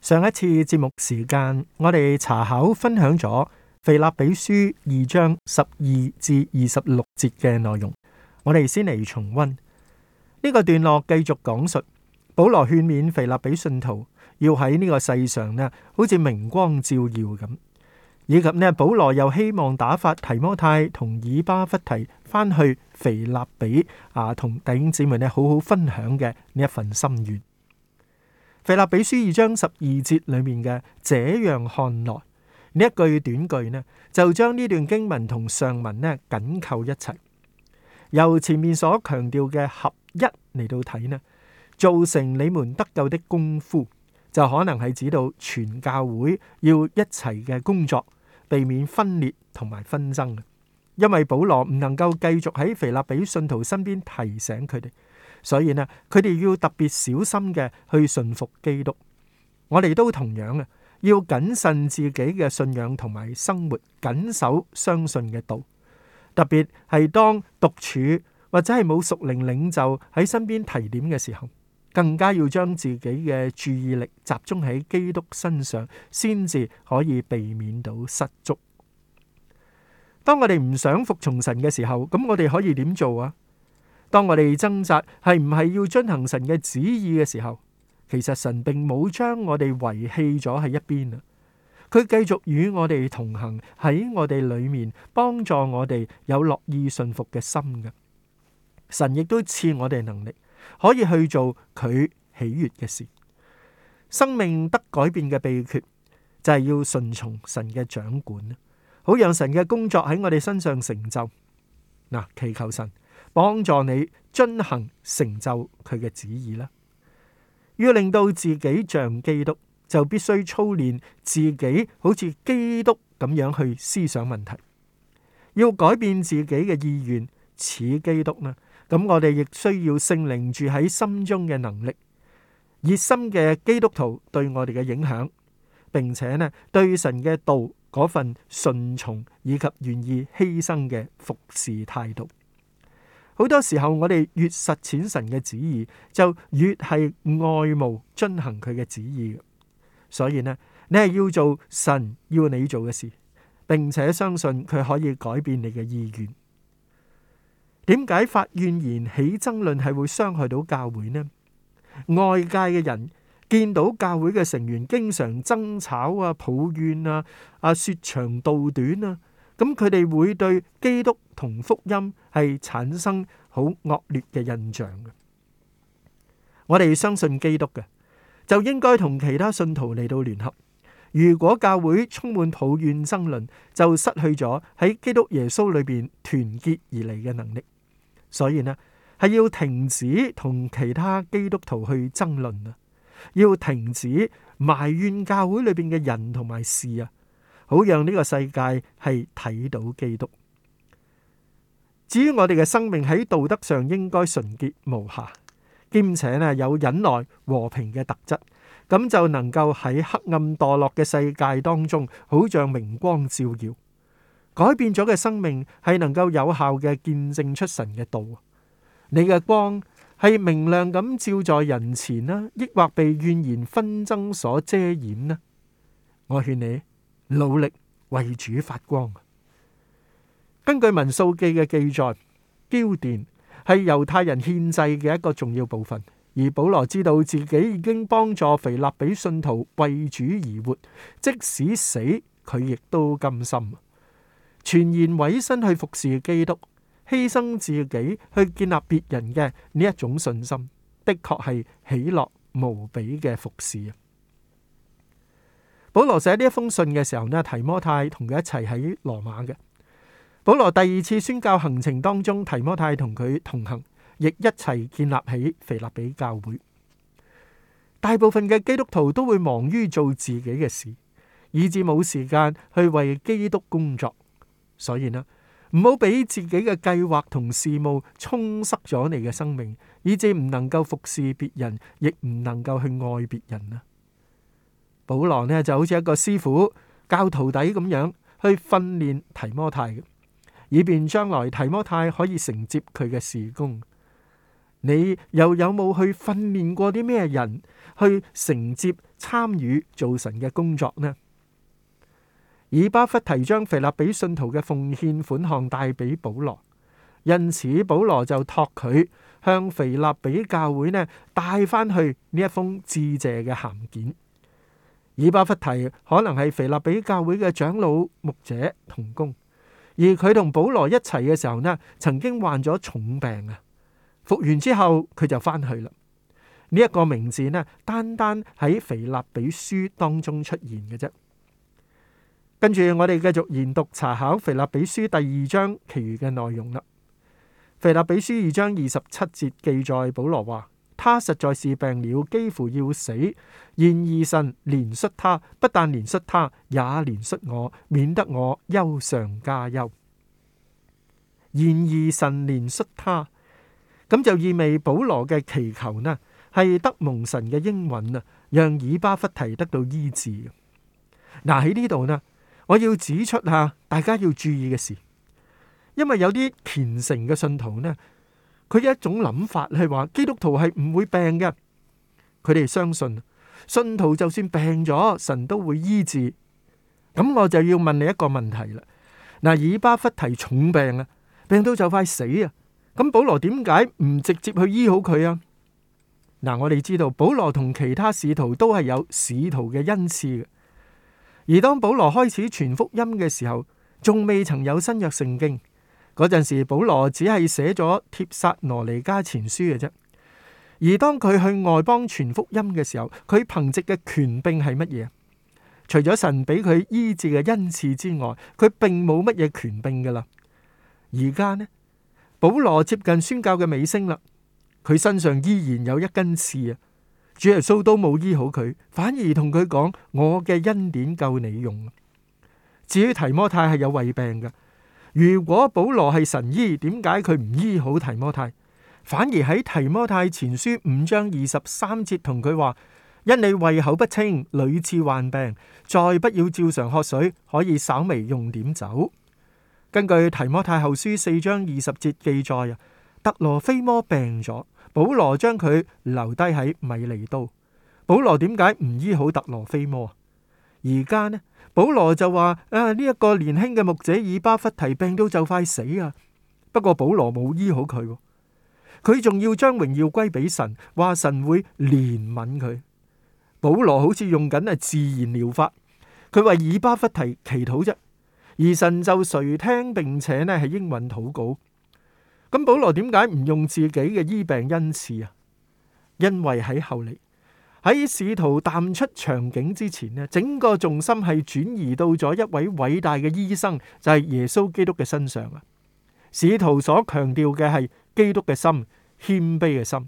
上一次節目時間，我哋查考分享咗腓立比書二章十二至二十六節嘅內容。我哋先嚟重溫呢、這個段落，繼續講述保羅勸勉腓立比信徒要喺呢個世上呢，好似明光照耀咁，以及呢，保羅又希望打發提摩太同以巴弗提翻去腓立比啊，同弟兄姊妹呢，好好分享嘅呢一份心願。腓立比書二章十二節裏面嘅這樣看來呢一句短句呢，就將呢段經文同上文呢緊扣一齊。由前面所強調嘅合一嚟到睇呢，造成你們得救的功夫，就可能係指到全教會要一齊嘅工作，避免分裂同埋紛爭。因為保羅唔能夠繼續喺腓立比信徒身邊提醒佢哋。所以呢，佢哋要特別小心嘅去順服基督。我哋都同樣啊，要謹慎自己嘅信仰同埋生活，謹守相信嘅道。特別係當獨處或者係冇屬靈領袖喺身邊提點嘅時候，更加要將自己嘅注意力集中喺基督身上，先至可以避免到失足。當我哋唔想服從神嘅時候，咁我哋可以點做啊？當我哋掙扎係唔係要遵行神嘅旨意嘅時候，其實神並冇將我哋遺棄咗喺一邊啊！佢繼續與我哋同行喺我哋裏面，幫助我哋有樂意順服嘅心噶。神亦都賜我哋能力，可以去做佢喜悅嘅事。生命得改變嘅秘訣就係要順從神嘅掌管，好讓神嘅工作喺我哋身上成就。嗱，祈求神。幫助你遵行成就佢嘅旨意啦。要令到自己像基督，就必須操練自己，好似基督咁樣去思想問題，要改變自己嘅意願，似基督啦。咁我哋亦需要聖靈住喺心中嘅能力，熱心嘅基督徒對我哋嘅影響，並且呢，對神嘅道嗰份順從以及願意犧牲嘅服侍態度。好多時候我哋越實踐神嘅旨意，就越係愛慕遵行佢嘅旨意。所以呢，你係要做神要你做嘅事，並且相信佢可以改變你嘅意願。點解發怨言、起爭論係會傷害到教會呢？外界嘅人見到教會嘅成員經常爭吵啊、抱怨啊、啊說長道短啊。咁佢哋會對基督同福音係產生好惡劣嘅印象嘅。我哋相信基督嘅，就應該同其他信徒嚟到聯合。如果教會充滿抱怨爭論，就失去咗喺基督耶穌裏面團結而嚟嘅能力。所以呢，係要停止同其他基督徒去爭論啊，要停止埋怨教會裏面嘅人同埋事啊。好讓呢個世界係睇到基督。至於我哋嘅生命喺道德上應該純潔無瑕，兼且咧有忍耐和平嘅特質，咁就能夠喺黑暗墮落嘅世界當中，好像明光照耀。改變咗嘅生命係能夠有效嘅見證出神嘅道。你嘅光係明亮咁照在人前啦，抑或被怨言紛爭所遮掩呢？我勸你。努力為主發光。根據《民數記》嘅記載，焦電係猶太人獻祭嘅一個重要部分。而保羅知道自己已經幫助腓立比信徒為主而活，即使死佢亦都甘心。全然委身去服侍基督，犧牲自己去建立別人嘅呢一種信心，的確係喜樂無比嘅服侍。保羅寫呢一封信嘅時候呢，提摩太同佢一齊喺羅馬嘅。保羅第二次宣教行程當中，提摩太同佢同行，亦一齊建立起腓立比教會。大部分嘅基督徒都會忙於做自己嘅事，以致冇時間去為基督工作。所以呢，唔好俾自己嘅計劃同事務冲塞咗你嘅生命，以致唔能夠服侍別人，亦唔能夠去愛別人啊！保羅呢就好似一個師傅教徒弟咁樣去訓練提摩太，以便將來提摩太可以承接佢嘅事工。你又有冇去訓練過啲咩人去承接參與做神嘅工作呢？以巴弗提將腓立比信徒嘅奉獻款項帶俾保羅，因此保羅就託佢向腓立比教會呢帶翻去呢一封致謝嘅函件。以巴弗提可能係腓立比教會嘅長老牧者同工，而佢同保羅一齊嘅時候呢，曾經患咗重病啊，復完之後佢就返去啦。呢、這、一個名字呢，單單喺腓立比書當中出現嘅啫。跟住我哋繼續研讀查考腓立比書第二章其餘嘅內容啦。腓立比書二章二十七節記載保羅話。他實在是病了，幾乎要死。然而神憐恤他，不但憐恤他，也憐恤我，免得我憂上加憂。然而神憐恤他，咁就意味保羅嘅祈求呢，係得蒙神嘅英允啊，讓以巴弗提得到醫治。嗱喺呢度呢，我要指出下大家要注意嘅事，因為有啲虔誠嘅信徒呢。佢嘅一種諗法係話基督徒係唔會病嘅，佢哋相信信徒就算病咗，神都會醫治。咁我就要問你一個問題啦。嗱，以巴弗提重病啊，病到就快死啊。咁保羅點解唔直接去醫好佢啊？嗱，我哋知道保羅同其他使徒都係有使徒嘅恩賜嘅，而當保羅開始傳福音嘅時候，仲未曾有新約聖經。嗰陣時，保羅只係寫咗《帖撒羅尼加前書》嘅啫。而當佢去外邦傳福音嘅時候，佢憑借嘅權柄係乜嘢？除咗神俾佢醫治嘅恩賜之外，佢並冇乜嘢權柄噶啦。而家呢，保羅接近宣教嘅尾聲啦，佢身上依然有一根刺啊！主耶穌都冇醫好佢，反而同佢講：我嘅恩典夠你用。至於提摩太係有胃病噶。如果保羅係神醫，點解佢唔醫好提摩太，反而喺提摩太前書五章二十三節同佢話：因你胃口不清，屢次患病，再不要照常喝水，可以稍微用點酒。根據提摩太後書四章二十節記載啊，特羅菲摩病咗，保羅將佢留低喺米尼都。保羅點解唔醫好特羅菲摩？而家呢？保羅就話：啊，呢、這、一個年輕嘅牧者以巴弗提病都就快死啊！不過保羅冇醫好佢，佢仲要將榮耀歸俾神，話神會憐憫佢。保羅好似用緊係自然療法，佢為以巴弗提祈禱啫，而神就垂聽，並且呢係應允禱告。咁保羅點解唔用自己嘅醫病恩賜啊？因為喺後嚟。喺使徒淡出場景之前呢，整個重心係轉移到咗一位偉大嘅醫生，就係耶穌基督嘅身上啊！使徒所強調嘅係基督嘅心，謙卑嘅心。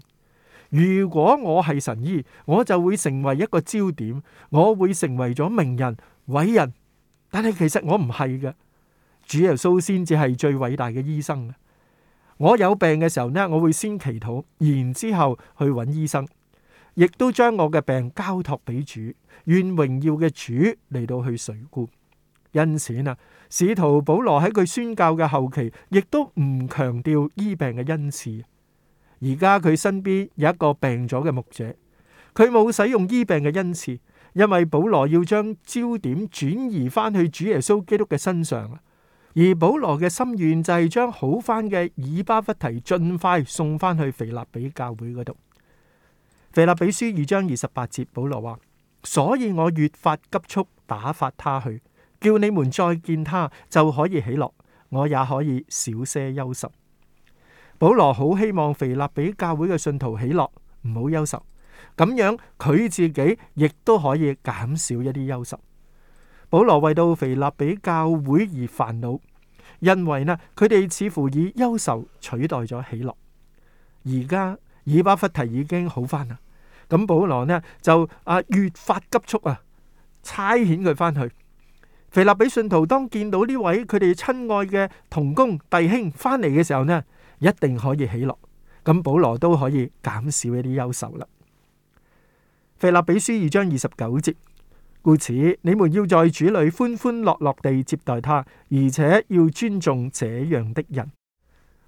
如果我係神醫，我就會成為一個焦點，我會成為咗名人、偉人。但係其實我唔係嘅，主耶穌先至係最偉大嘅醫生。我有病嘅時候呢，我會先祈禱，然之後去揾醫生亦都將我嘅病交託俾主，願榮耀嘅主嚟到去垂顧。因此呢，使徒保羅喺佢宣教嘅後期，亦都唔強調醫病嘅恩賜。而家佢身邊有一個病咗嘅牧者，佢冇使用醫病嘅恩賜，因為保羅要將焦點轉移翻去主耶穌基督嘅身上。而保羅嘅心願就係將好翻嘅以巴弗提盡快送翻去腓立比教會嗰度。肥立比書二章二十八節，保羅話：所以我越發急速打發他去，叫你們再見他就可以喜樂，我也可以少些憂愁。保羅好希望肥立比教會嘅信徒喜樂，唔好憂愁，咁樣佢自己亦都可以減少一啲憂愁。保羅為到肥立比教會而煩惱，因為呢，佢哋似乎以憂愁取代咗喜樂，而家。以巴弗提已經好翻啦，咁保羅呢就啊越發急速啊差遣佢翻去。腓立比信徒當見到呢位佢哋親愛嘅同工弟兄翻嚟嘅時候呢，一定可以喜樂。咁保羅都可以減少一啲憂愁啦。腓立比書二章二十九節，故此你們要在主裏歡歡樂樂地接待他，而且要尊重這樣的人。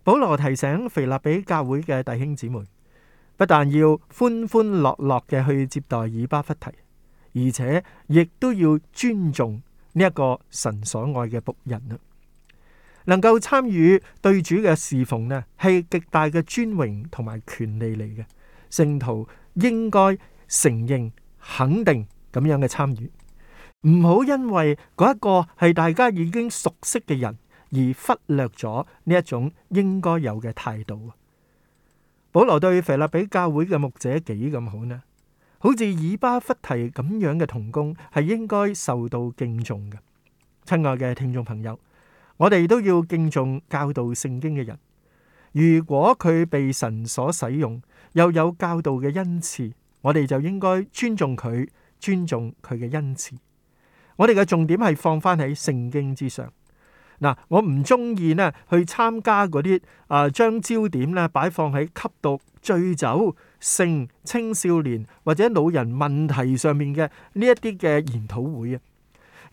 保羅提醒腓立比教會嘅弟兄姊妹，不但要歡歡樂樂嘅去接待以巴弗提，而且亦都要尊重呢一個神所愛嘅僕人啊！能夠參與對主嘅侍奉呢，係極大嘅尊榮同埋權利嚟嘅。聖徒應該承認肯定咁樣嘅參與，唔好因為嗰一個係大家已經熟悉嘅人而忽略咗呢一種應該有嘅態度。保羅對腓立比教會嘅牧者幾咁好呢？好似以巴弗提咁樣嘅同工係應該受到敬重嘅。親愛嘅聽眾朋友，我哋都要敬重教導聖經嘅人。如果佢被神所使用，又有教導嘅恩賜，我哋就應該尊重佢，尊重佢嘅恩賜。我哋嘅重點係放返喺聖經之上。嗱，我唔中意咧去參加嗰啲啊，將焦點咧擺放喺吸毒、醉酒、性青少年或者老人問題上面嘅呢一啲嘅研討會啊，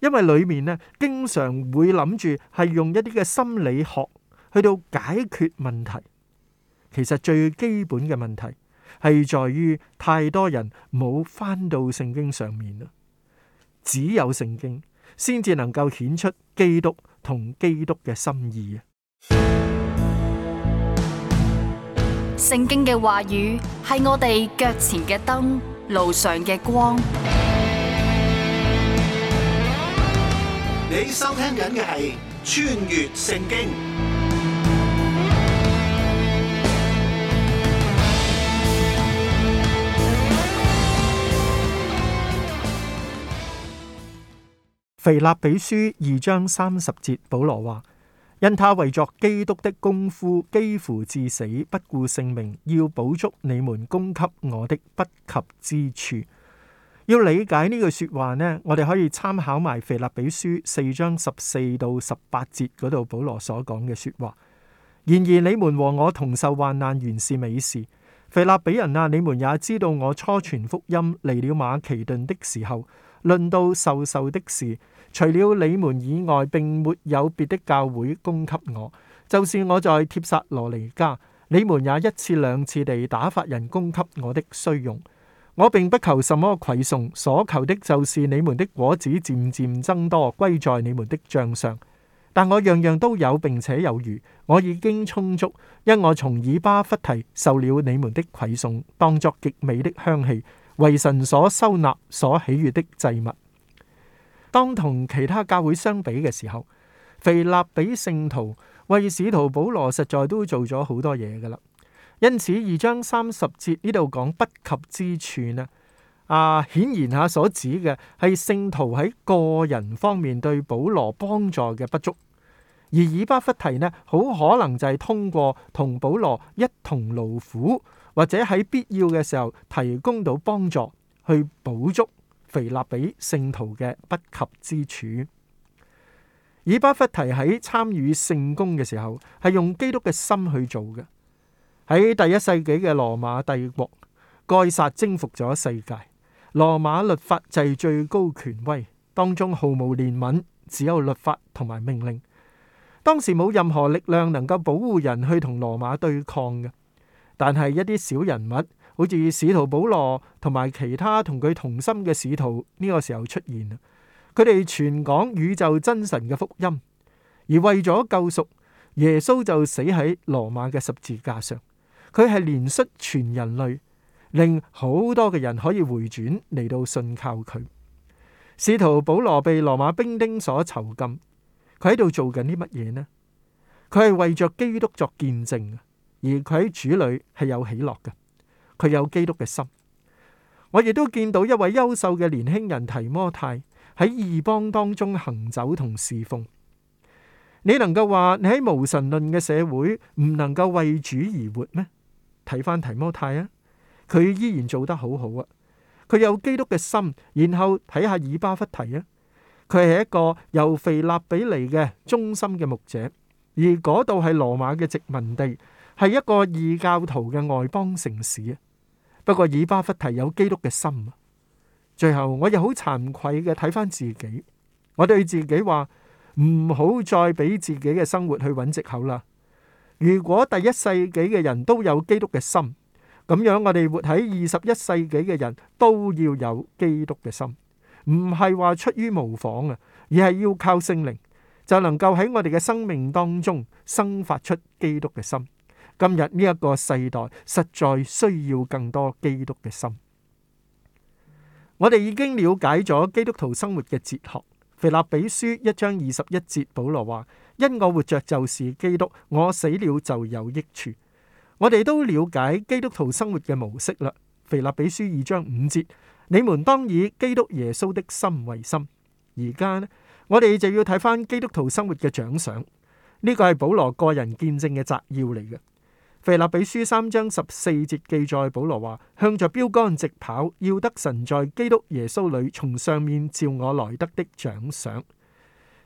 因為裡面咧經常會諗住係用一啲嘅心理學去到解決問題。其實最基本嘅問題係在於太多人冇返到聖經上面啦，只有聖經先至能夠顯出基督。同基督嘅心意啊！聖經嘅話語係我哋腳前嘅燈，路上嘅光。你收聽緊嘅係《穿越聖經》。腓立比書二章三十節，保羅話：因他為作基督的功夫，幾乎至死，不顧性命，要補足你們供給我的不及之處。要理解呢句說話呢，我哋可以參考埋腓立比書四章十四到十八節嗰度保羅所講嘅說話。然而，你們和我同受患難，原是美事。腓立比人啊，你們也知道我初傳福音嚟，了馬其頓的時候。論到授受的事，除了你們以外，並沒有別的教會供給我。就算我在帖撒羅尼迦，你們也一次兩次地打發人供給我的需用。我並不求什麼饋送，所求的就是你們的果子漸漸增多，歸在你們的賬上。但我樣樣都有，並且有餘，我已經充足，因我從以巴弗提受了你們的饋送，當作極美的香氣。為神所收納、所喜悦的祭物。當同其他教會相比嘅時候，腓立比聖徒為使徒保羅實在都做咗好多嘢噶啦因此二章三十節呢度講不及之處呢，啊，顯然下所指嘅係聖徒喺個人方面對保羅幫助嘅不足，而以巴弗提呢，好可能就係通過同保羅一同勞苦。或者喺必要嘅時候提供到幫助，去補足腓立比聖徒嘅不及之處。以巴弗提喺參與聖工嘅時候，係用基督嘅心去做嘅。喺第一世紀嘅羅馬帝國，凱撒征服咗世界，羅馬律法制最高權威當中毫無憐憫，只有律法同埋命令。當時冇任何力量能夠保護人去同羅馬對抗嘅。但係一啲小人物，好似使徒保羅同埋其他同佢同心嘅使徒，呢、呢個時候出現，佢哋全講宇宙真神嘅福音，而為咗救贖，耶穌就死喺羅馬嘅十字架上。佢係憐恤全人類，令好多嘅人可以回轉嚟到信靠佢。使徒保羅被羅馬兵丁所囚禁，佢喺度做緊啲乜嘢呢？佢係為着基督作見證而佢喺主裏係有喜樂嘅，佢有基督嘅心。我亦都見到一位優秀嘅年輕人提摩太喺異邦當中行走同侍奉。你能夠話你喺無神論嘅社會唔能夠為主而活咩？睇翻提摩太啊，佢依然做得好好啊。佢有基督嘅心。然後睇下以巴弗提啊，佢係一個由腓立比嚟嘅忠心嘅牧者，而嗰度係羅馬嘅殖民地。係一個異教徒嘅外邦城市啊，不過以巴弗提有基督嘅心啊。最後我又好慚愧嘅睇翻自己，我對自己話，唔好再俾自己嘅生活去揾藉口啦。如果第一世紀嘅人都有基督嘅心，咁樣我哋活喺二十一世紀嘅人都要有基督嘅心，唔係話出於模仿啊，而係要靠聖靈就能夠喺我哋嘅生命當中生發出基督嘅心。今日呢一個世代實在需要更多基督嘅心。我哋已經了解咗基督徒生活嘅哲學。腓立比書一章二十一節，保羅話：因我活着就是基督，我死了就有益處。我哋都了解基督徒生活嘅模式啦。腓立比書二章五節，你們當以基督耶穌的心為心。而家呢，我哋就要睇返基督徒生活嘅獎賞。呢個係保羅個人見證嘅摘要嚟嘅。腓立比書三章十四節記載保羅話：向着標杆直跑，要得神在基督耶穌裏從上面召我來得的獎賞。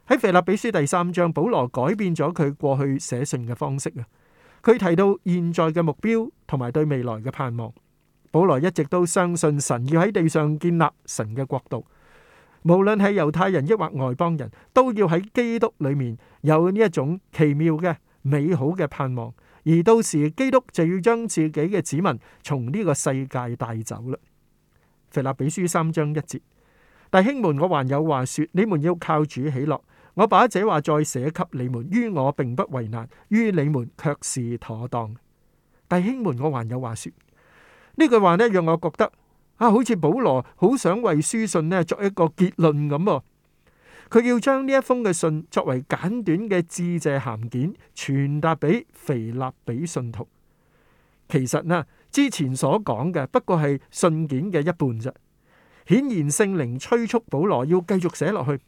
喺腓立比書第三章，保羅改變咗佢過去寫信嘅方式啊！佢提到現在嘅目標同埋對未來嘅盼望。保羅一直都相信神要喺地上建立神嘅國度，無論係猶太人抑或外邦人都要喺基督裏面有呢一種奇妙嘅美好嘅盼望。而到時基督就要將自己嘅子民從呢個世界帶走啦。腓立比書三章一節，弟兄們，我還有話說，你們要靠主喜樂。我把這話再寫給你們，於我並不為難，於你們卻是妥當。弟兄們，我還有話說。呢句話呢，讓我覺得啊，好似保羅好想為書信呢作一個結論咁佢要將呢一封嘅信作為簡短嘅致謝函件傳達俾腓立比信徒。其實呢，之前所講嘅不過係信件嘅一半啫。顯然聖靈催促保羅要繼續寫落去。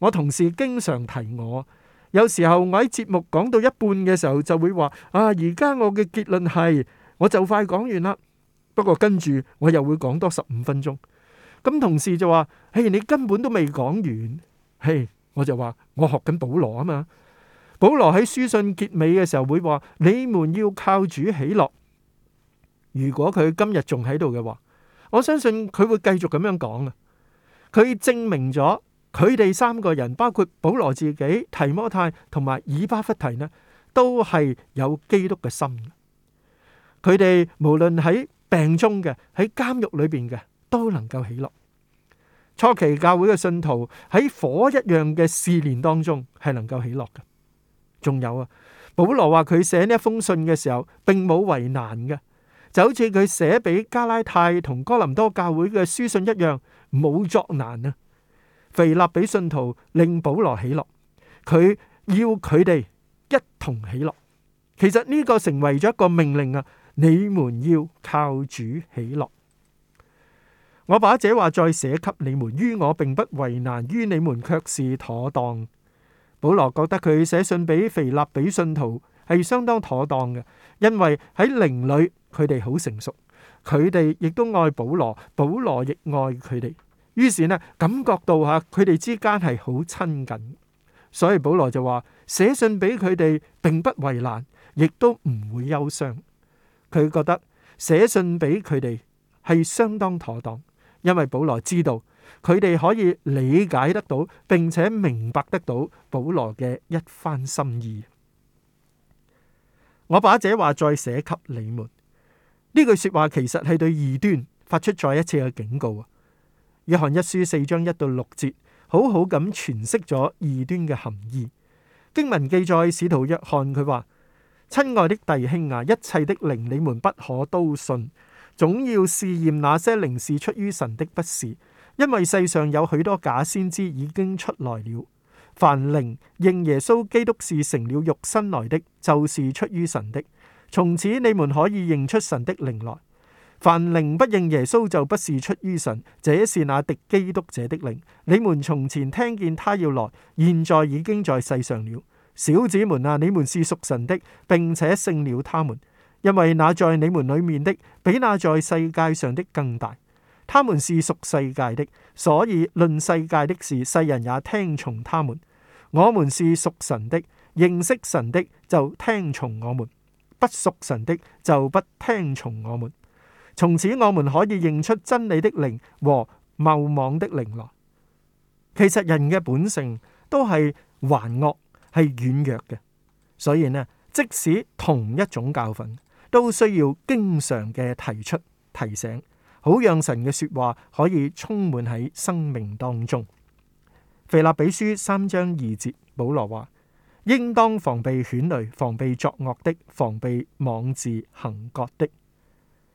我同事經常提我，有時候我喺節目講到一半嘅時候就會話：啊，而家我嘅結論係，我就快講完啦。不過跟住我又會講多十五分鐘。咁同事就話：嘿，你根本都未講完。嘿，我就話我學緊保羅啊嘛。保羅喺書信結尾嘅時候會話：你們要靠主喜樂。如果佢今日仲喺度嘅話，我相信佢會繼續咁樣講啊。佢證明咗佢哋三個人，包括保羅自己、提摩太同埋以巴弗提呢，都係有基督嘅心。佢哋無論喺病中嘅，喺監獄裏邊嘅。都能夠喜樂。初期教會嘅信徒喺火一樣嘅試煉當中，係能夠喜樂嘅。仲有啊，保羅話佢寫呢一封信嘅時候，並冇為難嘅，就好似佢寫俾加拉太同哥林多教會嘅書信一樣，冇作難啊。腓立比信徒令保羅喜樂，佢要佢哋一同喜樂。其實呢個成為咗一個命令啊，你們要靠主喜樂。我把這話再寫給你們，於我並不為難，於你們卻是妥當。保羅覺得佢寫信俾腓立比信徒係相當妥當嘅，因為喺靈裏佢哋好成熟，佢哋亦都愛保羅，保羅亦愛佢哋。於是呢，感覺到吓佢哋之間係好親近，所以保羅就話寫信俾佢哋並不為難，亦都唔會憂傷。佢覺得寫信俾佢哋係相當妥當。因為保羅知道佢哋可以理解得到，並且明白得到保羅嘅一番心意。我把這話再寫給你們呢句說話，其實係對異端發出再一次嘅警告啊！約翰一書四章一到六節，好好咁詮釋咗異端嘅含義。經文記載，使徒約翰佢話：親愛的弟兄啊，一切的靈，你們不可都信。總要試驗那些靈是出於神的不是，因為世上有許多假先知已經出來了。凡靈認耶穌基督是成了肉身來的，就是出於神的。從此你們可以認出神的靈來。凡靈不認耶穌，就不是出於神，這是那敵基督者的靈。你們從前聽見他要來，現在已經在世上了。小子們啊，你們是屬神的，並且勝了他們。因為那在你們裏面的比那在世界上的更大。他們是屬世界的，所以論世界的事，世人也聽從他們。我們是屬神的，認識神的就聽從我們；不屬神的就不聽從我們。從此我們可以認出真理的靈和謬妄的靈來。其實人嘅本性都係還惡，係軟弱嘅，所以呢，即使同一種教訓，都需要經常嘅提出提醒，好讓神嘅說話可以充滿喺生命當中。腓立比書三章二節，保羅話：應當防備犬類，防備作惡的，防備妄自行割的。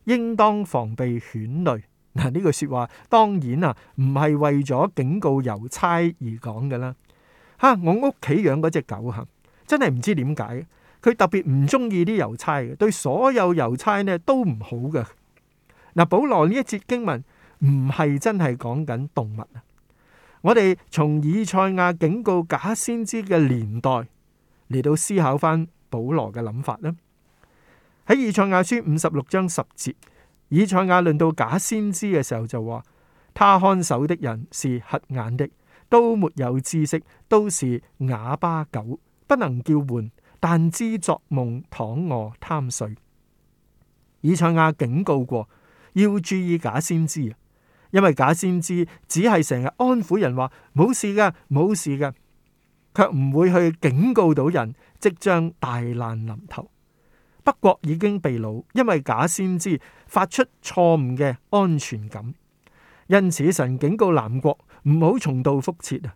應當防備犬類嗱，呢句說話當然啊，唔係為咗警告郵差而講嘅啦。吓，我屋企養嗰隻狗行，真係唔知點解。佢特別唔中意啲郵差嘅，對所有郵差呢都唔好嘅嗱。保羅呢一節經文唔係真係講緊動物啊。我哋從以賽亞警告假先知嘅年代嚟到思考返保羅嘅諗法呢，喺以賽亞書五十六章十節，以賽亞論到假先知嘅時候就話：他看守的人是瞎眼的，都沒有知識，都是啞巴狗，不能叫喚。但知作夢，躺臥貪睡。以賽亞警告過，要注意假先知，因為假先知只係成日安撫人話冇事嘅，冇事嘅，却唔會去警告到人即將大難臨頭。北國已經被擄，因為假先知發出錯誤嘅安全感，因此神警告南國唔好重蹈覆轍。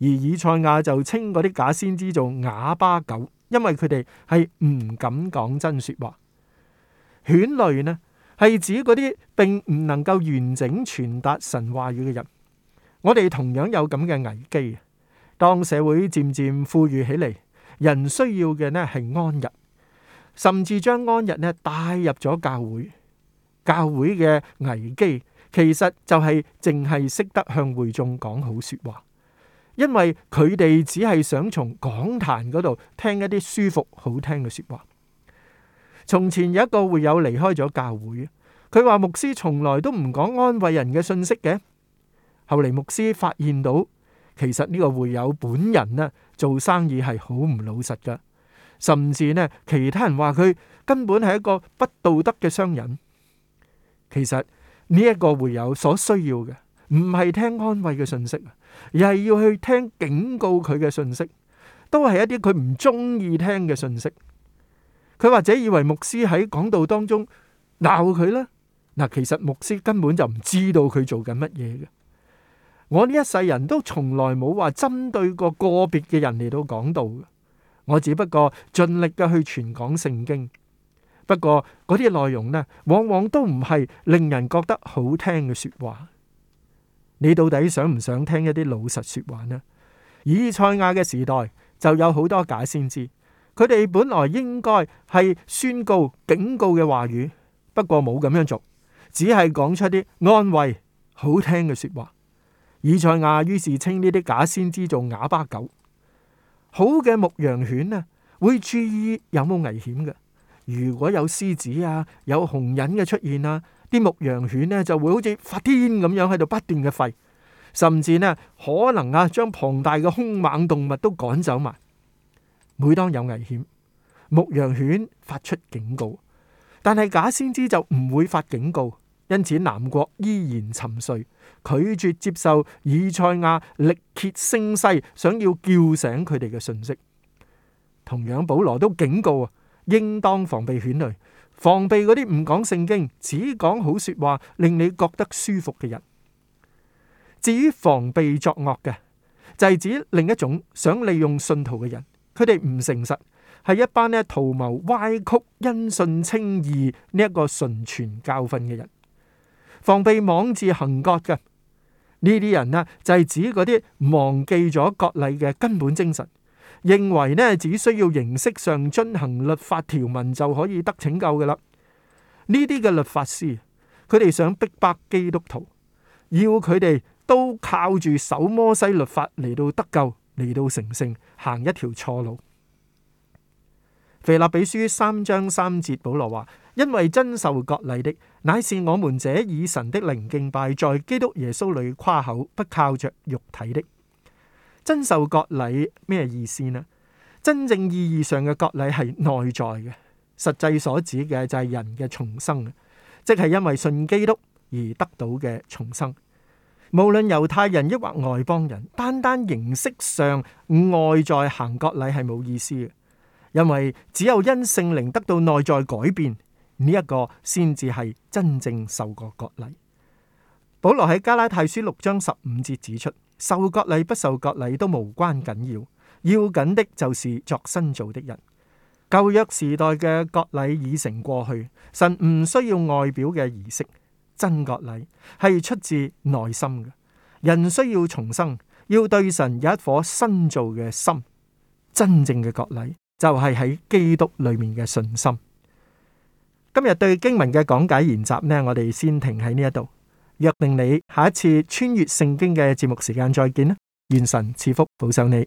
而以賽亞就稱嗰啲假先知做啞巴狗，因為佢哋係唔敢講真說話。犬類呢係指嗰啲並唔能夠完整傳達神話語嘅人。我哋同樣有咁嘅危機。當社會漸漸富裕起嚟，人需要嘅呢係安逸，甚至將安逸呢帶入咗教會。教會嘅危機其實就係淨係識得向會眾講好說話。因為佢哋只係想從講壇嗰度聽一啲舒服好聽嘅說話。從前有一個會友離開咗教會，佢話牧師從來都唔講安慰人嘅信息嘅。後嚟牧師發現到，其實呢個會友本人呢做生意係好唔老實噶，甚至呢其他人話佢根本係一個不道德嘅商人。其實呢一個會友所需要嘅唔係聽安慰嘅信息啊。而係要去聽警告佢嘅信息，都係一啲佢唔中意聽嘅信息。佢或者以為牧師喺講道當中鬧佢呢，嗱，其實牧師根本就唔知道佢做緊乜嘢嘅。我呢一世人都從來冇話針對過個別嘅人嚟到講道嘅，我只不過盡力嘅去傳講聖經。不過嗰啲內容呢，往往都唔係令人覺得好聽嘅說話。你到底想唔想聽一啲老實說話呢？以賽亞嘅時代就有好多假先知，佢哋本來應該係宣告警告嘅話語，不過冇咁樣做，只係講出啲安慰好聽嘅說話。以賽亞於是稱呢啲假先知做啞巴狗。好嘅牧羊犬呢，會注意有冇危險嘅，如果有獅子啊有紅人嘅出現啊。啲牧羊犬呢就會好似發癲咁樣喺度不斷嘅吠，甚至呢可能啊將龐大嘅凶猛動物都趕走埋。每當有危險，牧羊犬發出警告，但係假先知就唔會發警告，因此南國依然沉睡，拒絕接受以賽亞力竭聲嘶，想要叫醒佢哋嘅訊息。同樣保羅都警告啊，應當防備犬類。防備嗰啲唔講聖經，只講好說話，令你覺得舒服嘅人。至於防備作惡嘅，就係、是、指另一種想利用信徒嘅人，佢哋唔誠實，係一班咧圖謀歪曲、因信稱義呢一、這個純全教訓嘅人。防備妄自行割嘅呢啲人咧，就係指嗰啲忘記咗割禮嘅根本精神。認為咧，只需要形式上遵行律法條文就可以得拯救嘅啦，呢啲嘅律法師，佢哋想逼迫基督徒，要佢哋都靠住守摩西律法嚟到得救，嚟到成聖，行一條錯路。腓立比書三章三節，保羅話，因為真受割禮的，乃是我們這以神的靈敬拜，在基督耶穌裏誇口，不靠着肉體的。真受割禮咩意思呢？真正意義上嘅割禮係內在嘅，實際所指嘅就係人嘅重生，即係因為信基督而得到嘅重生。無論猶太人抑或外邦人，單單形式上外在行割禮係冇意思嘅，因為只有因聖靈得到內在改變呢一個先至係真正受過割禮。保羅喺加拉太書六章十五節指出。受割禮不受割禮都無關緊要，要緊的就是作新造的人。舊約時代嘅割禮已成過去，神唔需要外表嘅儀式，真割禮係出自內心嘅。人需要重生，要對神有一顆新造嘅心。真正嘅割禮就係喺基督裏面嘅信心。今日對經文嘅講解研習呢，我哋先停喺呢一度。約定你下一次穿越聖經嘅節目時間再見啦！願神賜福保守你。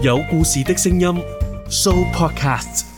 有故事的聲音，Sooo Podcast。